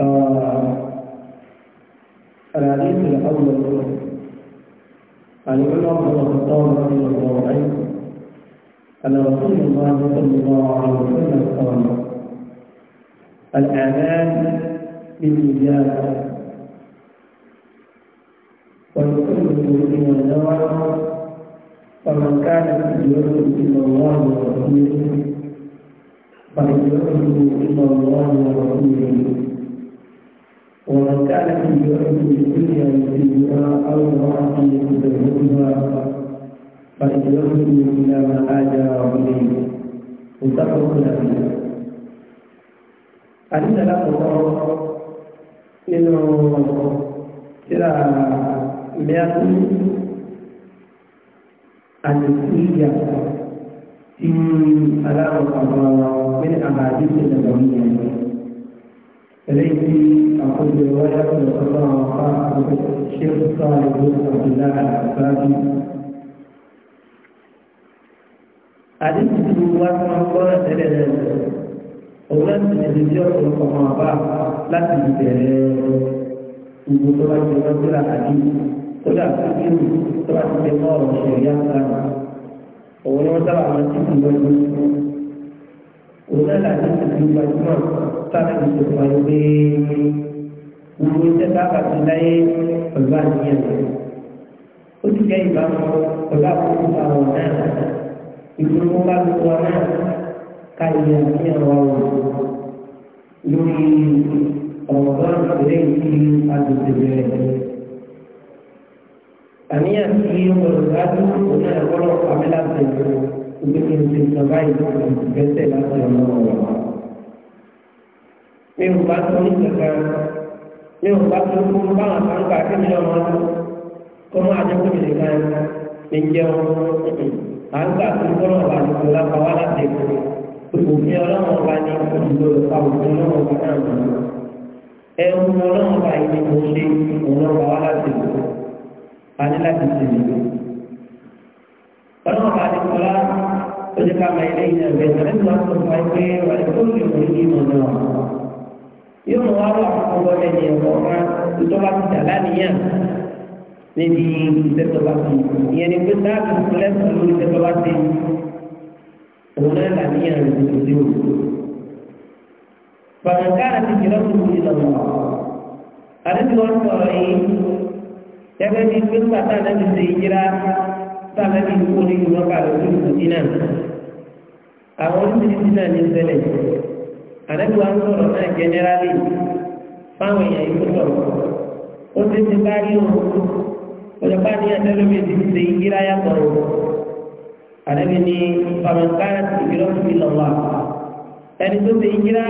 آه، الحديث الأول عن عمر بن الخطاب رضي الله عنه أن رسول الله صلى الله عليه وسلم قال الأعمال بالإجابة ويكون من النار فمن كان هجرته إلى الله ورسوله فإن يؤمن إلى الله ورسوله وكانت يؤمن الدنيا بالدنيا أو رأسي تدهنها فإذن إلى ما آجى ربي متفق لك أن لا أقرأ إنه إلى مئة أن الدنيا في ألا أقرأ من أحاديث النبوية التي رواية الله وقال الشيخ صالح بن عبد الله العبادي àdéhùn tó wá tí wọ́n gbọ́ ẹ̀tẹ́lẹ̀ rẹ̀ òun ẹ̀sìn ẹ̀dẹ̀ tí ọ̀pọ̀lọpọ̀ ọmọ àbá láti ìbẹ̀rẹ̀ ìbò tó bá ti wọ́n tó rà àdé kódà tó kí ó tó bá gbogbo iṣẹ́ sábà ti láyé pẹ̀lú àníyàn rẹ̀. ó ti jẹ́ ìbámu pẹ̀lú àkókò àwọn náà ìgbìmọ̀ bá gbogbo wọn náà ká ìyá àníyàn wa wò lórí ọ̀rọ̀ náà lè fi àdùnnú bẹ̀rẹ̀. àníyàn tí ọ̀rọ̀ dájú òun náà gbọ́dọ̀ tẹ̀lé gbogbo ìṣe ìjọba ìlú ìgbésẹ̀ láti ọ̀nà ọ̀rọ̀. mi ò bá tó ní kankan ní ọba tó kú báwọn kan gbà kí mi ọmọ ọdún kó máa jẹ kó mi lè máa ní jẹun à ń gbà tó kọ́ ọ̀la nìkú lápá wá láti èkó òfin ọlọ́run ọba ní olùdó àwùjọ ọlọ́run ọba náà mọ̀ ẹ̀rù ọlọ́run ọba yìí ni mo ṣe ọlọ́run ọba láti èkó a ní láti ṣe ìlú. ọlọ́run ọba ní kọ́lá ó ti ká ma ilé ìyàgbẹ́ ẹ̀rọ ìwà tó fà á pé wà ní kó lè mú ìmọ̀ náà yóò mú wá wà fún ọgbọ́n ẹni ẹ̀kọ́ kan ìtọ́ba ti dà lánìyàn níbi ìtẹ́tọ́ba ti ìyẹn ni pé dáàbò lẹ́sùn lórí ìtẹ́tọ́ba ti òun náà làníyàn rẹ̀ ti tòde o. Bàbáńkárà ti jìnnà tó wù ìlànà. Àdébí wọn sọ̀rọ̀ yìí gẹ́gẹ́ bíi pé pàtà náà ti ṣe ìjìra sáà bíi kó ní ìlú ọkà lójú ìlú náà. Àwọn oníṣẹ́ àdẹ́gbà ń sọ̀rọ̀ náà jẹnẹrálì fáwọn èèyàn yìí tó sọ̀rọ̀ ó ti ti bá rí òun olùkọ́ ní ẹ̀tẹ́lómi ti ṣe ìyíra yàtọ̀ òun àdẹ́bí ni pàmẹ́kárà ti fi lọ́sùn mi lọ́wọ́ ẹni tó ṣe ìyíra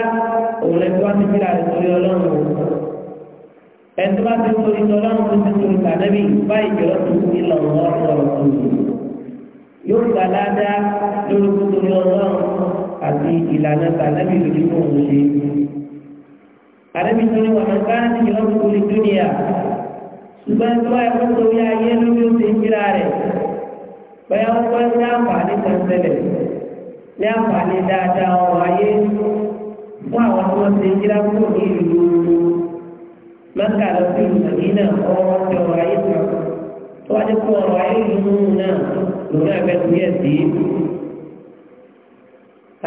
òun lẹ́tọ́ wá ti fi ra ìtòrí ọlọ́run ẹni tó bá ti torí ọlọ́run tó ti torí tàdẹ́bí báyìí fi lọ́sùn mi lọ́wọ́ ọ̀rọ̀ yóò gbà dáadáa lórúkú torí àti ìlànà tànàbí lòdì mò ń ṣe. Àdébí tó ní wàhán káàdì yìí lọ́dún kúlì dúnìyà. Ṣùgbọ́n tó wáyé kó torí ayé lórí ó ti ń kíra rẹ̀. Bẹ́ẹ̀ wọ́n wá ní àǹfààní kan ṣẹlẹ̀. Ní àǹfààní dáadáa ọ̀rọ̀ ayé fún àwọn tí wọ́n ti ń kíra kúrò ní ìlú Mẹ́kà lọ sí ìsàmínà ọwọ́ ọ̀rọ̀ ayé Tó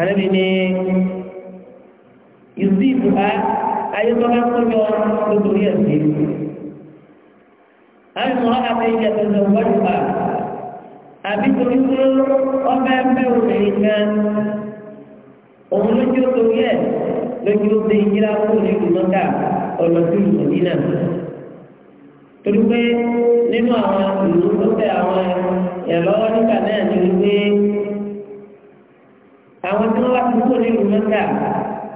àlẹ́bí ni ìsí ìbùkà ayétọ́lá kọjọ lórí ẹ̀sìn. àwọn ìmọ̀ àti ìjẹ̀tẹ̀ lọ wọ́n pa àbí torí pé ọba ẹgbẹ́ obìnrin kan òun lójú torí ẹ̀ lójú ó ṣe ìjìlá kó nílùú mọ́tà ọlọ́sí ìlú nínà. torí pé nínú àwọn ìlú tó tẹ àwọn ìyàlọ́wọ́ nígbà náà ni wípé àwọn tí wọ́n bá ti kúrò ní ìlú mẹ́ta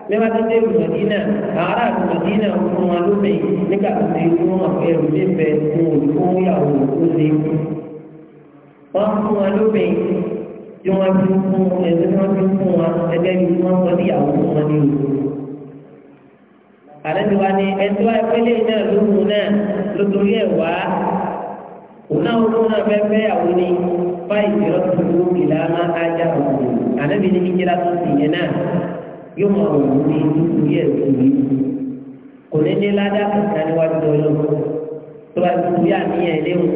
lẹ́wọ́n tó dé ìlú mẹ́dínà àwọn ará ìlú mẹ́dínà fún wọn lónìí nígbà tó ti fún wọn fẹ́ ìlú níbẹ̀ fún olùkóyàwó tó lé wọn fún wọn lónìí tí wọ́n ti fún ẹgbẹ́ wọn ti fún wọn ẹgbẹ́ yìí wọ́n sọ níyàwó fún wọn ní ìlú. àlejò wa ni ẹjọ́ ẹgbẹ́lẹ́ náà ló náà lótorí ẹ̀ wá òun àwọn olóńgbò fẹ́ fẹ́ àwọn ní báyìí ti rọ́ tuntun ìlà máa ká já òkú ànábì ní kíkíra tó sì yẹn náà yóò máa wọ̀ ní ìlú yẹ̀ tó yìí kò ní ní ládà kankan níwájú ọlọ́run tó bá ti wí àníyàn ẹlẹ́wọ̀n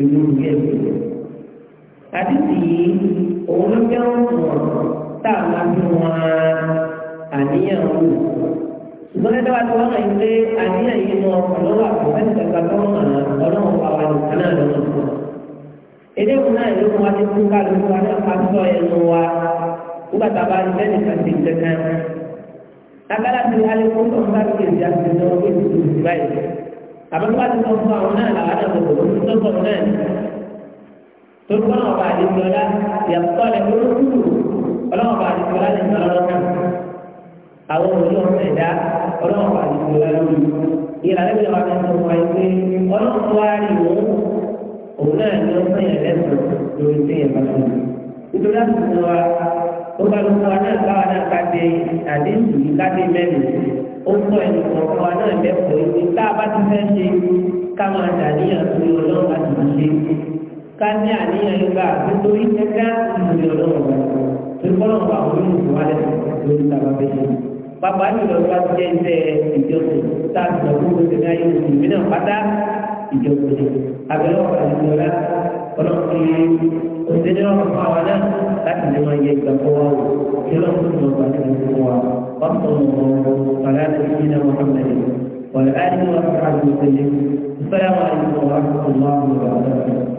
ìlú yẹ̀ tó yẹ. àti sì yìí òun ló fẹ́ràn wọn tá máa fi wọn àníyàn wọn ṣùgbọ́n ẹgbẹ́ wa ti wọ́n yìí pé àníyàn yìí mọ ọlọ́wà kò fẹ́ nígbàgbà tó ń hàn ọlọ́run pa wa nìkan náà lọ́wọ́ tó. èdè kù náà ló mú wa ti kú ká ló mú wa náà pa sọ ẹnu wa nígbà tá a bá fẹ́ nìkan ti kankan. agbára ti alẹ́ kó tó ń bá ti èdè àti ìdánwò pé ti ti báyìí. àbí ti sọ fún àwọn náà làwọn náà tó tó sọ náà. tó kọ́ náà àwọn òní ọmọ ẹ̀dá ọlọ́run wà ní ìlú lórí ìlànà ìlú wa ní ọmọ ẹgbẹ́ ọlọ́run wá rí òun òun náà ní ọmọ yẹn lẹ́sùn lórí tí yẹn bá tó lù. nítorí àtúntò wa ó bá lóko wa náà báwa náà ká dé àdéhùn yìí ká dé mẹ́rin ó sọ ẹni kọ̀ọ̀kan wa náà lẹ́kọ̀ọ́ ìwé tá a bá ti fẹ́ ṣe ká máa dàníyàn pé ọlọ́run bá ti ṣe ká ní àníyàn ìgbà nítorí kẹ́kẹ́ ìlú ọlọ́run tó kọ́ pàápàá jùlọ tó bá ti jẹ́ iṣẹ́ ìjọsìn tá a sọ fún oṣù ní ayé oṣù mí náà pátá ìjọsìn abẹ́rẹ́ ọ̀pá ìjọ rẹ̀ ọlọ́pàá oṣù ní ọ̀pá àwọn náà láti lè máa yẹ ìgbàgbọ́ wa wò kí lọ́pàá tó bá ti lè fún wa wọ́n sọ wọn kàlá Assalamu alaikum wa rahmatullahi wa barakatuh.